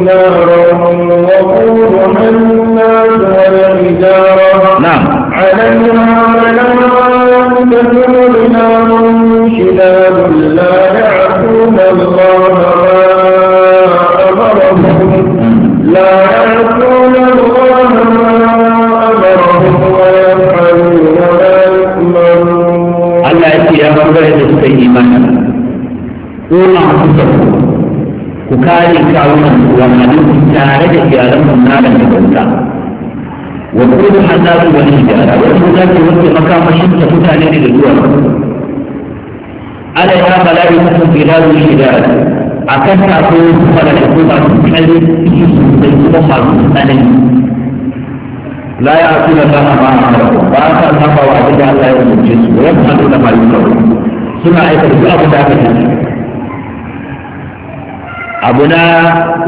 naran وقودها الناس والحجارة نعم عليها ملائكة غلام شداد su da suka yi imani ko a kusa ku ku kare kawunan wannan tare da iyalan mun da bauta wa kullu hadaru wani hijara wa kullu zaki wanda makamashin ta mutane da zuwa ala ya bala'i mutum biladu hijara akan ta ko kuma da kuma kan su da kuma masu tsanani لا يعصون الله ما أمرهم باكر نبا وعدد لا يوم الجنس ويبحثون ما يكرهون سنة عيسى في أبو داك أبنا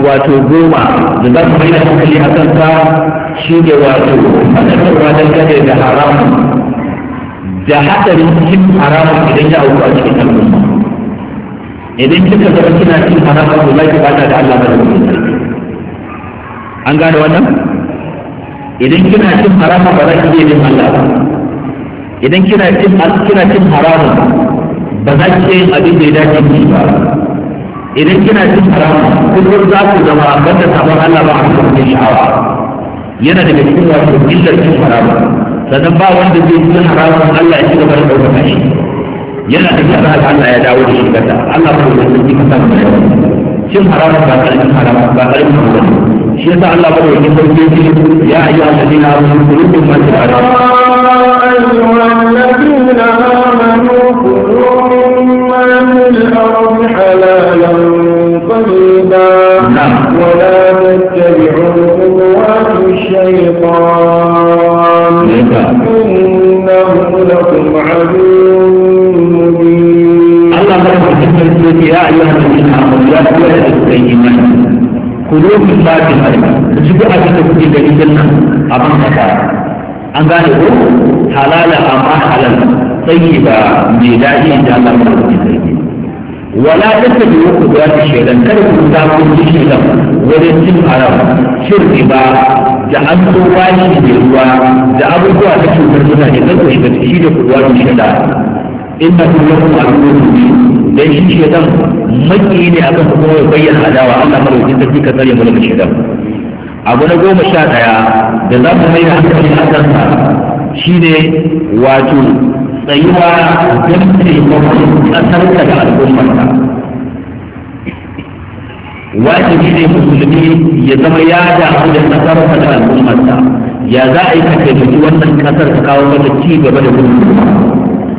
وتوبوما لذلك بين كل حسن شيء واتو فنحن وعد الكثير بحرام da hadarin cin haramun idan ya auku a cikin al'umma idan kika zama kina cin haramun to za ki bata da Allah idan kina cin haramun ba za ki iya yin Allah ba idan kina cin kina cin haramun ba za ki iya yin abin da ya dace ki ba idan kina cin haramun kullum za ku zama banda sabon Allah ba a cikin sha'awa yana daga cikin wato illar cin haramun sannan ba wanda zai cin haramun Allah ya ci gaba da ɗaukaka shi yana da kasa Allah ya dawo da shi kasa Allah ba ya san ki kasa ba yawa cin haramun ba ƙarfin haramun ba ƙarfin haramun shi yasa Allah ba wani sauke shi ya ayyu alladina amanu kullu ma ta'ala الذين آمنوا كلوا مما في الأرض حلالا طيبا نعم. ولا تتبعوا خطوات الشيطان نعم. إنه لكم عدو مبين الله يا أيها الذين آمنوا لا تتبعوا kulofin batin alba da su duk abin da idan gani din nan abin kasa an gane ko halala amma halal tsayi ba mai daɗi da Allah ba ku ji tsayi wala tattabi wa kudratu shaytan kada ku ta ku ji shaytan wajen cin haram shirki ba da an so bashi da ruwa da abubuwa da cutar mutane kan ku shiga shi da kudratu shaytan inna kullakum aduwwun dan shi shedan maki ne akan kuma ya bayyana adawa Allah madaukakin sarki ka tsare mu daga shedan abu na goma sha ɗaya da za mu mai da hankali a kansa shine wato tsayuwa don taimakon ƙasarka da al'ummarka wajibi ne musulmi ya zama ya damu da ƙasarka da al'ummarsa ya za a yi ka wannan ƙasar ka kawo mata ci gaba da gudunmawa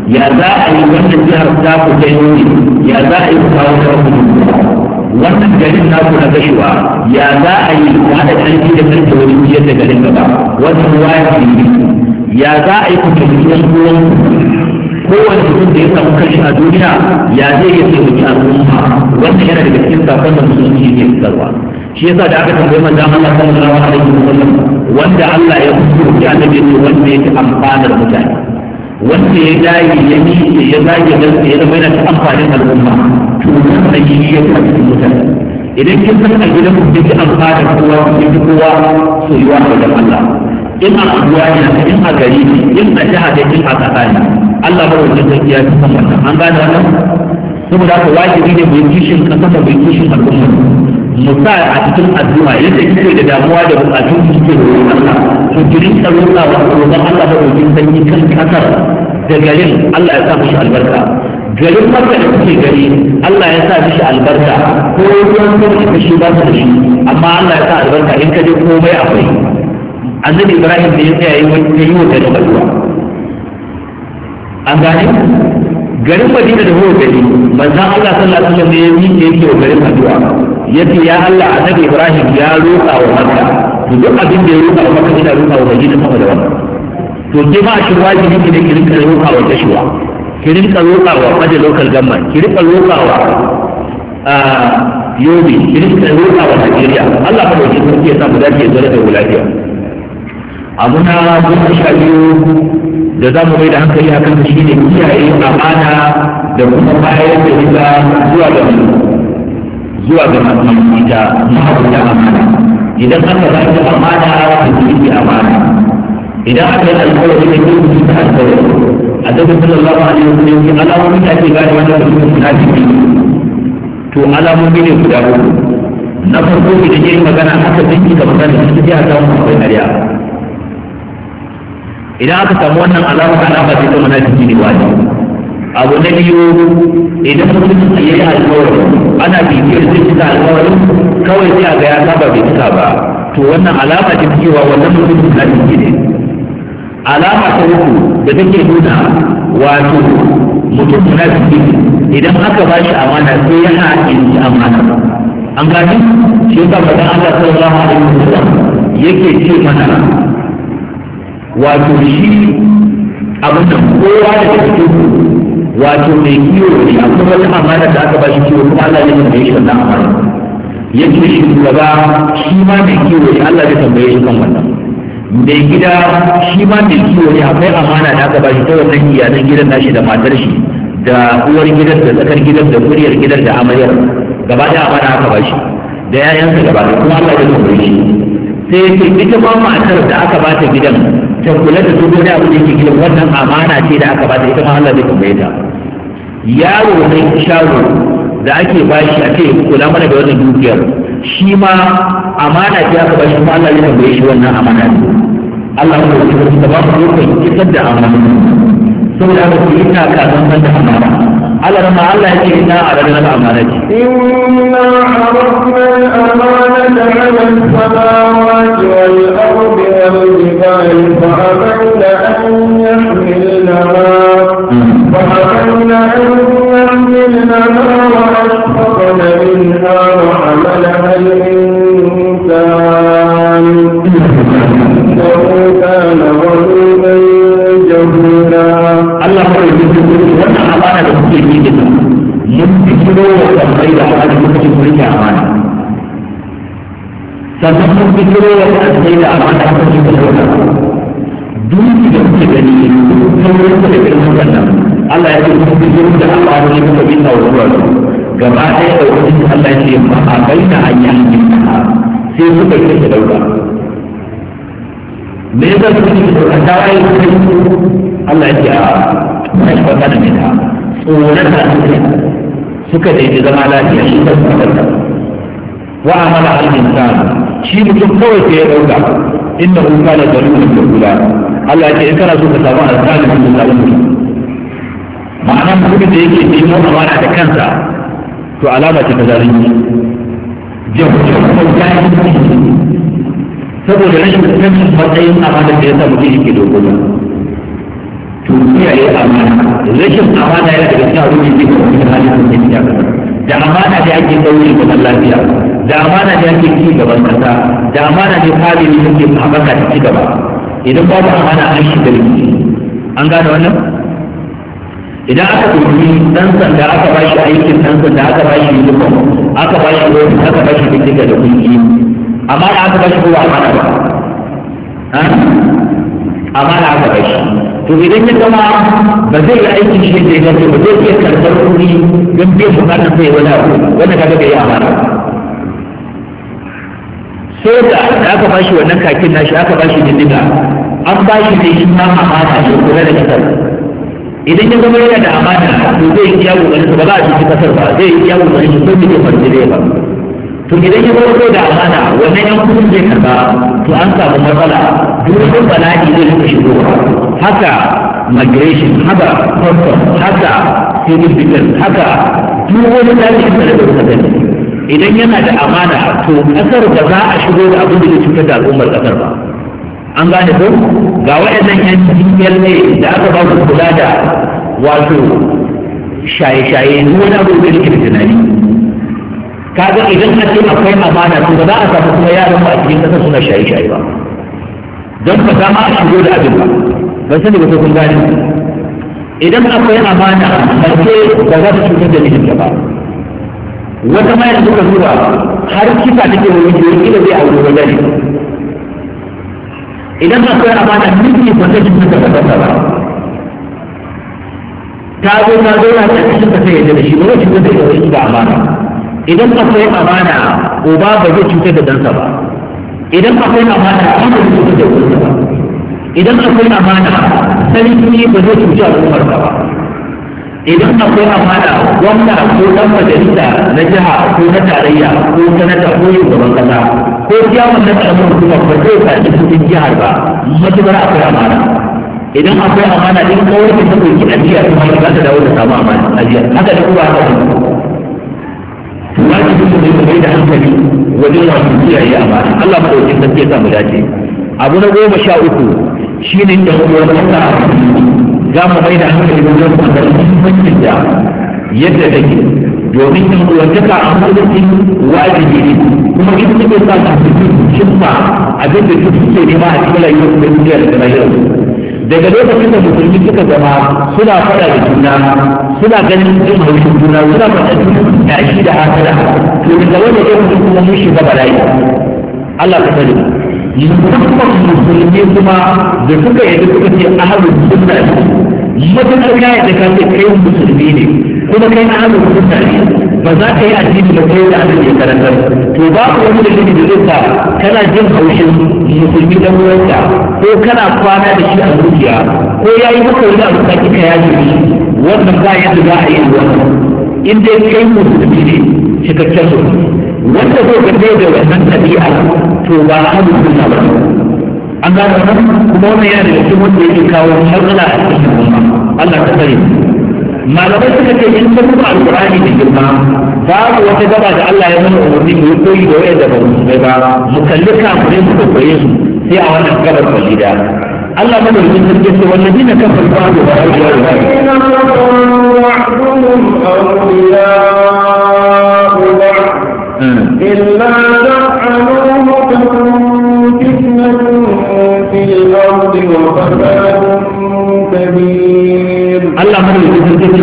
ya za a yi wannan jihar ta ku kai ne ya za a yi kawo kawo wannan garin na ku na gashuwa ya za a yi ku haɗa ƙarfi da ƙarfi wajen jiyar da garin gaba wannan wajibi ya za a yi ku tafi yan uwan kowane mutum da ya samu kashi a duniya ya zai iya taimaki al'umma wannan yana daga cikin sakon da musulunci ke fitarwa shi yasa da aka tambayi manzon Allah sallallahu alaihi wasallam wanda Allah ya kuskure annabi ne wanda yake amfanar mutane wanda ya dage ya miƙe ya zage gaske ya zama yana amfanin al'umma to wannan yi ya kuma cikin mutane idan kin san a gidan ku duk da kowa duk kowa So soyuwa da Allah in a unguwa ne in a gari ne in a jiha ne in a ƙasa ne Allah ba wannan sarki ya fi san wannan an gane wannan saboda haka wajibi ne mai kishin ƙasa da mai kishin al'umma Musa a cikin addu'a yadda kike da damuwa da bukatun kike da Allah to ki rinka roƙa wa Allah ba dokin sanyi kan kasar da garin Allah ya sa mishi albarka garin maka da kuke gari Allah ya sa mishi albarka ko ruwan sama da shi ba su da shi amma Allah ya sa albarka in ka je komai akwai annabi Ibrahim da ya tsaya yi wani yi wa garin addu'a an gani garin Madina da huwa gari manzon Allah sallallahu alaihi wasallam ya yi yake wa garin addu'a yace ya Allah annabi Ibrahim ya roƙa wa Makka duk abin da ya roƙa wa Makka ina roƙa wa Madina sama da wannan to ke ba shi wajibi ne ki rinka roƙa wa tashuwa ki rinka roƙa wa fadi local government ki rinka roƙa wa yobi ki rinka roƙa wa Najeriya Allah ba dauki ko ya sa mu dace zuwa da wulafiya abu na goma sha biyu da za mu mai da hankali a shi ne kiyaye amana da kuma bayar da ita zuwa ga zuwa ga masu ita ma'abuta amana idan aka ba amana da su amana idan aka yi alkawari da yin ta alkawari a alamomi da ake gane to alamomi ne guda uku na farko idan magana aka da magana mu akwai ƙarya idan aka samu wannan alama alama ce ta munafiki ne wani abu na biyu idan mutum a yi alkawari ana bibiyar zai cika alkawarin kawai sai a ga ya saba bai cika ba to wannan alama ce cewa wannan mutum munafiki ne alama ta uku da take nuna wato mutum munafiki idan aka ba shi amana sai ya ji amana an gani shi ka faɗa Allah sallallahu alaihi wasallam yake ce mana wato shi abin da kowa da cikin wato mai kiyo ne akwai wata amana da aka ba shi kiwo kuma Allah ya yi shi wannan amana yake shi ba, shi ma mai kiyo ne Allah ya tambaye shi kan wannan mai gida shi ma mai kiwo ne akwai amana da aka bashi ta wannan iyalan gidan nashi da matar shi da uwar gidan da tsakar gidan da muryar gidan da amaryar gaba da amana aka bashi da yayansa gaba da kuma Allah ya tambaye shi sai ya ce ita ma matar da aka bata gidan ta kula da duk wani abu da yake gidan wannan amana ce da aka bata ita ma Allah zai tambaye ta yaro mai shago da ake bashi a ce kula mana da wannan dukiyar shi ma amana ce ka bashi kuma Allah ya tambaye shi wannan amana ne Allah ya ce ka ba ku lokacin kisar da amana saboda haka ku ina ka san da amana Allah ma Allah ya ce ina aradna al-amana inna aradna al-amana 'ala as-samawati wal-ardi wal-jibali fa abaina an yahmilna وحملنا أنزلنا وأشفقنا منها وحملها الإنسان إنه كان ظلوما جهولا الله da kuke Allah ya ce kuma fi zuwa da al'adu ne kuka bin tawruwa su gaba ɗaya da wani wajen Allah ya ce ma a bayyana hanya ne sai suka yi ta dauka me yasa suka yi ta dauka ta waye kai Allah ya ce a sai ba kana ne ta tsoron ta suka daidai zama lafiya shi ta suka dauka wa amala al-insan shi mutum kawai sai ya ɗauka inda kuka da zarurin da kula Allah ya ce in kana so ka samu alƙalin da zarurin ma'ana mutumin da yake nemo amana da kansa to alama ce ta ya zalunci saboda rashin sanin matsayin amana da ya sa mutum yake dogona to ya yi amana rashin amana yana daga cikin abin da yake kuma halin da yake da amana da ake daure zaman lafiya da amana da ake ci gaban kasa da amana da halin da yake haɓaka da ci gaba idan babu amana an shiga rikici an gane wannan idan aka ɗauki ɗan sanda aka ba shi aikin ɗan sanda aka ba shi uniform aka ba shi rofi aka ba shi bindiga da kungiyoyi amma da aka ba shi kowa amana ba amma da aka ba shi to idan ya zama ba zai yi aikin shi da ya ba zai iya karɓar kuɗi don biyan bukatar sai wani abu wanda kaga bai yi amana so da aka ba shi wannan kakin nashi aka ba shi bindiga an ba shi ne shi ma amana ne kula da kitar idan ya zama yana da amana to zai iya kokarin ba za a cikin kasar ba zai iya kokarin shi sai yake farce zai ba to idan ya zama da amana wannan yan kudin zai karba to an samu matsala dukkan bala'i zai rika ba haka migration haka custom haka significant haka duk wani tarihin da daga kusa gani idan yana da amana to kasar ba za a shigo da abin da ke cutar da al'ummar kasar ba an gane ko ga waɗannan yan DLA da aka ba su kula da wato shaye-shaye wani abu da yake tunani kaga idan a ce akwai amana to ba za a samu kuma yaran ba a cikin kasar suna shaye-shaye ba don ba za ma a shigo da abin ba ba ban ne ba ko kun gane idan akwai amana mace ba za ta cutar da mijinta ba wata ma yanzu ka zuba har kisa take wani jirgin da zai auri wani idan akwai amana duk ba ta jikin ta ba ba ta zo ta zo na ta cikin ta sai da shi ba shi cutar da ita wani da amana idan akwai amana uba ba zai cutar da dansa ba idan akwai amana ba zai cutar da dansa ba idan akwai amana sarki ba zai cutar da umarsa ba idan akwai amana wanda ko dan majalisa na jiha ko na tarayya ko sanata ko gaban kasa ko ya wannan karamin hukuma ba zai karɓi cikin jihar ba matuƙar akwai amana idan akwai amana din kawai ta ɗauki ajiya kuma ki za ta dawo da samu amana ajiya haka da kuwa haka ba ki duk da mai da hankali wajen wasu kiyaye amana Allah madaukakin sarki ya mu dace abu na goma sha uku shine da uwar wata za mu mai da hankali wajen kwantar muhimmancin da yadda take domin yin kuwantaka a musulunci wajibi ne kuma ita take sa ta fi cimma abin da duk suke nema a cikin rayuwar da duniya da rayuwar daga lokacin da musulmi suka zama suna fada da juna suna ganin jin haushin juna suna faɗa da shi da hasada to daga da ya mutu kuma mun shiga bala'i Allah ka sani musamman musulmi kuma da suka yi suka ce ahalin sunna ne mutum ya yi da kai musulmi ne kuma kai na ahlul sunna ne ba za ka yi addini ba kai da annabi ya karantar to babu wani shi da zai sa kana jin haushin musulmi dan uwanka ko kana kwana da shi a zuciya ko yayi maka wani abu ka kika yaji shi wannan ba yadda za a yi wannan in dai kai musulmi ne cikakken wanda zai gaje da wannan ɗabi'a to ba ahlul sunna ba an gano wannan kuma wannan yana da cikin wanda yake kawo matsala a cikin al'umma Allah ta sani malamai suka ce in ka duba alqur'ani da girma babu wata gaba da Allah ya mana umarni mu koyi da wayar da ba mu ba mu kalli kafirai mu koyi su sai a wannan gabar kwalida Allah mana rikin sarki ce wannan dina kan farfa da ba ya yi ba إلا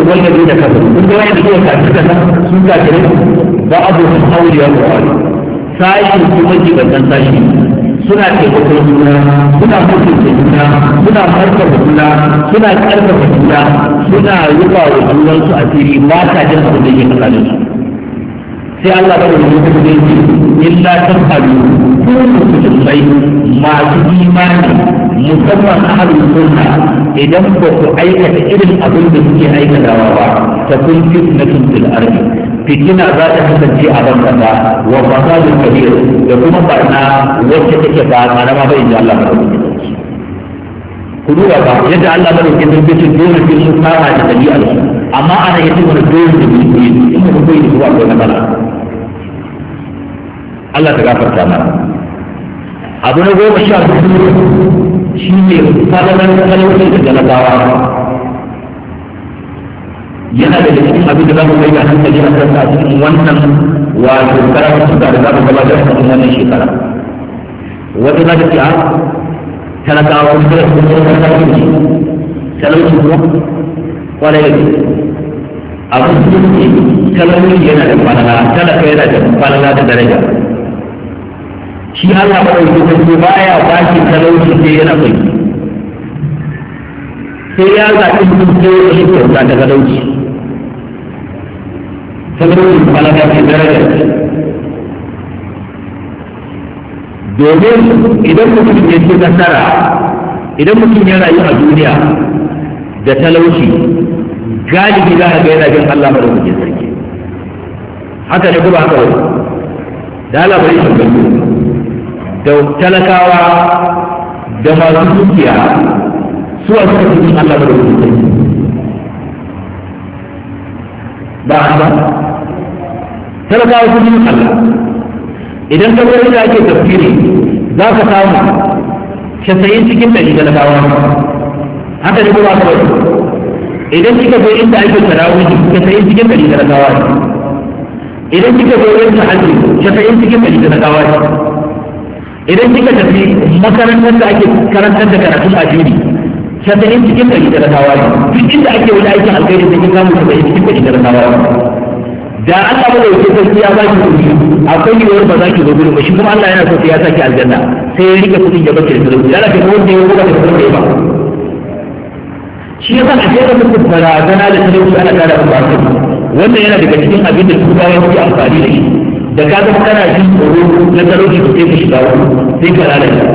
والذين كفروا كل ما يبدو كافرة سنة كريم بعضهم أولياء بعض ساشي سمجي بدن ساشي suna taimakon juna suna mutunta juna suna karfafa juna suna karfafa juna suna rufa wa junansu a fili ba ta jin abin da ke tsakanin su sai Allah ba da mutum da yake illa tafalu kun musulmai masu imani musamman ahlul sunna idan ba ku aikata irin abin da suke aikatawa ba ta kun na tuntun ardi fitina za ta kasance a ban kasa wa fasadun kabir da kuma barna wacce take ba karama ba inda Allah ba ku duba ba yadda Allah ba da ke tabbacin dole sai sun kama da dabi'ar amma ana yadda wani dole da mutum in mutum bai da zuwa ko na bala Allah ta gafarta ma abu na goma sha biyu shi ne fadalar talauci da talakawa yana da cikin abin da za mu kai da hankali a kan a cikin wannan wato karatuka da za mu gabatar da cikin wannan shekara wata na ta ce a ah, talakawa kuma da kuma talauci kuma kwarai da abin da ke talauci yana da falala talaka yana da falala da daraja shi Allah ba ɗauki sarki ce ba shi talauci sai yana mai sai ya zaɓi mutum sai ya yi kyauta da talauci talauci malaka ce daraja domin idan mutum ya ce nasara idan mutum ya rayu a duniya da talauci galibi za a ga yana jin Allah ba ɗauki sarki haka ne kuma haka wani da Allah ba yi shi da talakawa da masu dukiya su a suka fi Allah da rubutu ba a ba talakawa su yin Allah idan ka gwada da ake tafsiri za ka samu shasayin cikin ɗari talakawa haka ne kuma ka idan kika zo inda ake tarawih shasayin cikin ɗari talakawa idan kika zo ta ake shasayin cikin ɗari talakawa idan kika tafi makarantar da ake karantar da karatun addini saba'in cikin ɗari talakawa ne duk inda ake wani aikin alkhairi sai kin samu saba'in cikin ɗari talakawa ne da Allah ba da yake sarki ya baki kuɗi akwai yiwuwar ba za ki zo gudu ba shi kuma Allah yana so sai ya saki aljanna sai ya rike kuɗin ya bace da talauci yana kai wanda ya buga da talauci ba shi yasa a ce da mutum barazana da talauci ana kada ku ba wannan yana daga cikin abin da su bayan su amfani da shi da ka zama kana ji tsoro na talauci ba sai ka shiga wani sai ka lalata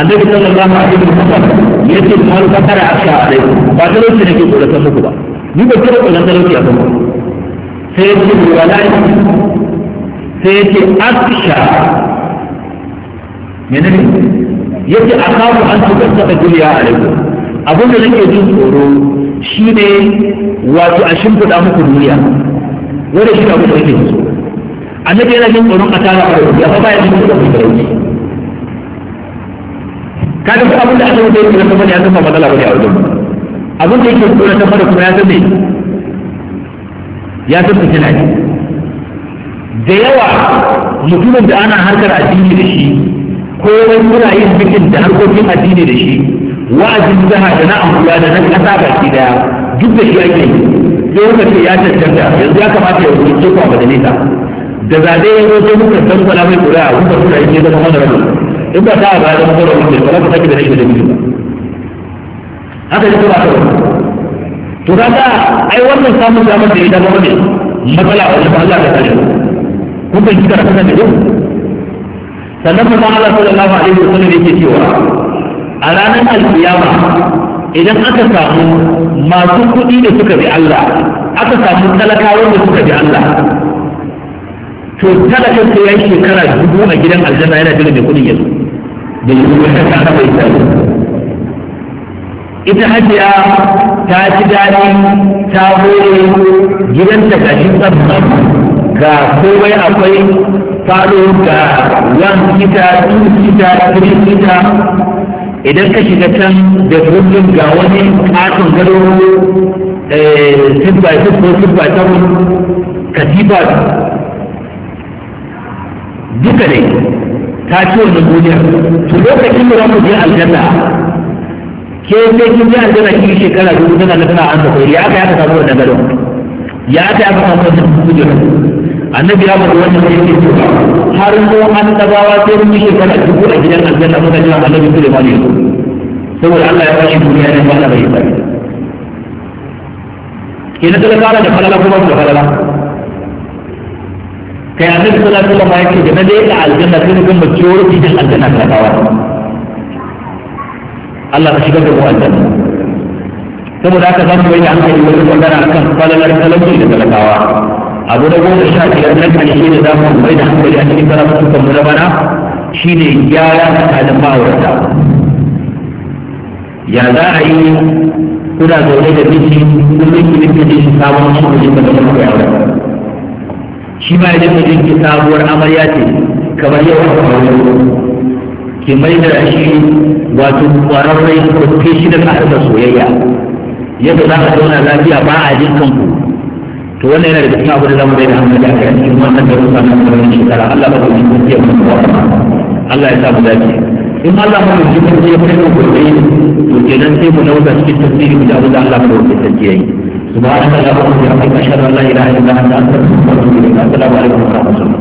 annabi sallallahu alaihi wasallam ya ce kuma ka fara aka alai ba talauci nake ta muku ba ni ba kira tsoron talauci a kuma sai ya ce wala sai ya ce aksha menene yace akamu an tukaddaka duniya alaikum abin da nake jin tsoro shine wato a shimfiɗa muku duniya wanda shi abu da yake so annabi yana jin tsoron a tara farauki amma baya jin tsoron farauki kaga ko abin da aka mutu yake na bane ya san ba matsala bane a wajen abin da yake tsoron ta fara kuma ya san ne ya san su tunani da yawa mutumin da ana harkar addini da shi ko wani muna yin bikin da harkokin addini da shi wa'azin jiha da na amfula da na ƙasa baki daya duk da shi ake yi sai wanda ce ya cancanta yanzu ya kamata ya wuce kwa majalisa da zaɓe ya zo sai muka san kwana mai ƙuri'a muka suna yi zama wani rana in ba ta ba zama kwana mutum ba ta ku da rashin da ba haka ne ba ta wani to kaga ai wannan samun samun da ya zama wani matsala a wani Allah ta kare kun ban kika rasa da yau sannan manzon Allah sallallahu alaihi wasallam yake cewa a ranar alkiyama idan aka samu masu kuɗi da suka bi Allah aka samu talakawa da suka bi Allah to talaka sai ya yi shekara dubu a gidan aljanna yana jira mai kudin yanzu da yi ta kasa mai ta ita hajiya ta ji daɗi ta hore gidanta ga shi tsabta ga komai akwai faɗo ga yan kita two kita three kita idan ka shiga can da kullum ga wani katon gado 6 eh, by 6 ko 6 by 7 katiba duka ne ta ci wannan duniya to lokacin da za je aljanna ke sai kin aljanna ki shekara dubu tana na tana an ko ya aka ya ka samu wannan gadon ya aka ya ka samu wannan duniyar annabi ya faɗi wannan ne ke cewa har ko annabawa sai mun yi shekara dubu a gidan aljanna muka jira annabi Sulaiman ya ne saboda Allah ya shi duniya ne ba Allah bai yi ba ke na talakawa da falala kuma da falala kai annabi sallallahu alaihi wasallam yake da na dai da aljanna sai ga majority din aljanna ta kawo Allah ka shigar da mu aljanna saboda haka za mu yi hankali wajen magana akan falalar talauci da talakawa abu na goma sha biyar na ƙarshe da za mu mai da hankali a cikin karatukan mu na bana shine gyara tsakanin ma'aurata ya za a yi kuna zaune da miji kullum yi nufi da shi sabon shi da shi da mutum ya aure shi ma ya dinga jinki sabuwar amarya ce kamar yau a kawo ke mai da shi wato kwararrai ke shi da da soyayya yadda za ka zauna lafiya ba a jin kanku to wannan yana da cikin abu da zamu bai da hankali a kai cikin wannan darussa na karin shekara Allah ba zai yi ya mutu Allah ya sa mu dace in Allah mu ji mun ya kai mu gobe to kenan sai mu dauka cikin tafsirin da Allah ko zai yi سبحانك اشهد ان لا اله الا انت استغفرك واتوب اليك السلام عليكم ورحمه الله